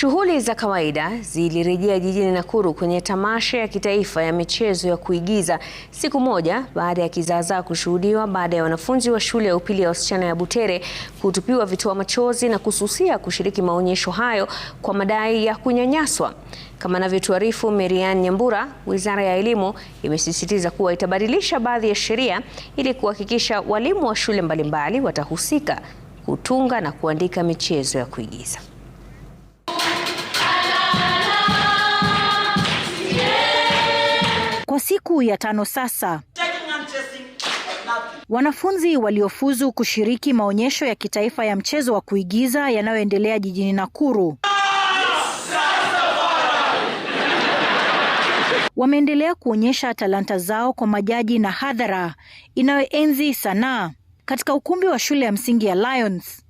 Shughuli za kawaida zilirejea jijini Nakuru kwenye tamasha ya kitaifa ya michezo ya kuigiza siku moja baada ya kizaazaa kushuhudiwa baada ya wanafunzi wa shule ya upili ya wasichana ya Butere kutupiwa vitoa machozi na kususia kushiriki maonyesho hayo kwa madai ya kunyanyaswa. Kama anavyotuarifu Merian Nyambura, Wizara ya Elimu imesisitiza kuwa itabadilisha baadhi ya sheria ili kuhakikisha walimu wa shule mbalimbali watahusika kutunga na kuandika michezo ya kuigiza. kuu ya tano sasa. Wanafunzi waliofuzu kushiriki maonyesho ya kitaifa ya mchezo wa kuigiza yanayoendelea jijini Nakuru wameendelea kuonyesha talanta zao kwa majaji na hadhara inayoenzi sanaa katika ukumbi wa shule ya msingi ya Lions.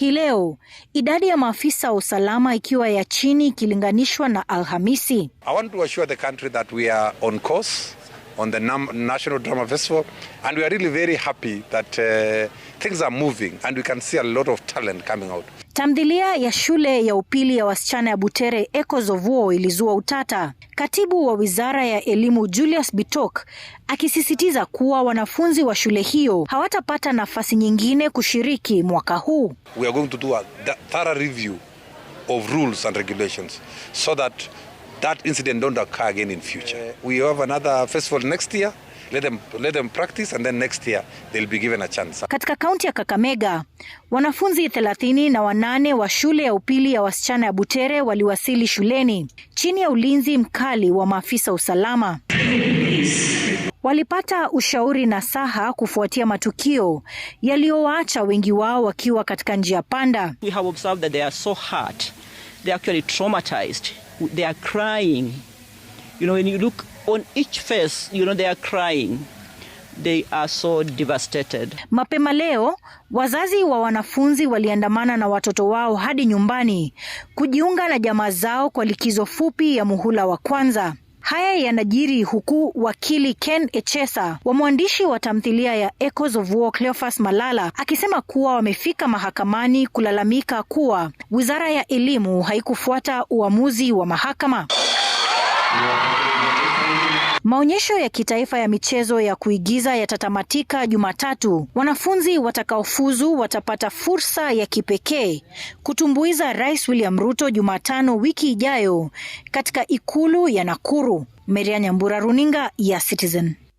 Hii leo idadi ya maafisa wa usalama ikiwa ya chini ikilinganishwa na Alhamisi. I want to assure the country that we are on course on the National Drama Festival and we are really very happy that uh, things are moving and we can see a lot of talent coming out. Tamthilia ya shule ya upili ya wasichana ya Butere Echoes of War ilizua utata. Katibu wa Wizara ya Elimu Julius Bitok akisisitiza kuwa wanafunzi wa shule hiyo hawatapata nafasi nyingine kushiriki mwaka huu. We are going to do a thorough review of rules and regulations so that that incident don't occur again in future. Eh, we have another festival next year. Let them, let them practice and then next year they'll be given a chance. Katika kaunti ya Kakamega, wanafunzi thelathini na wanane wa shule ya upili ya wasichana ya Butere waliwasili shuleni chini ya ulinzi mkali wa maafisa usalama. Walipata ushauri na saha kufuatia matukio yaliyowaacha wengi wao wakiwa katika njia panda. We have observed that they are so hurt. They are actually traumatized they are crying. You know, when you look on each face, you know, they are crying. They are so devastated. Mapema leo wazazi wa wanafunzi waliandamana na watoto wao hadi nyumbani kujiunga na jamaa zao kwa likizo fupi ya muhula wa kwanza. Haya yanajiri huku wakili Ken Echesa wa mwandishi wa tamthilia ya Echoes of War Cleophas Malala akisema kuwa wamefika mahakamani kulalamika kuwa wizara ya elimu haikufuata uamuzi wa mahakama. Maonyesho ya kitaifa ya michezo ya kuigiza yatatamatika Jumatatu. Wanafunzi watakaofuzu watapata fursa ya kipekee kutumbuiza Rais William Ruto Jumatano wiki ijayo katika ikulu ya Nakuru. Meria Nyambura, runinga ya Citizen.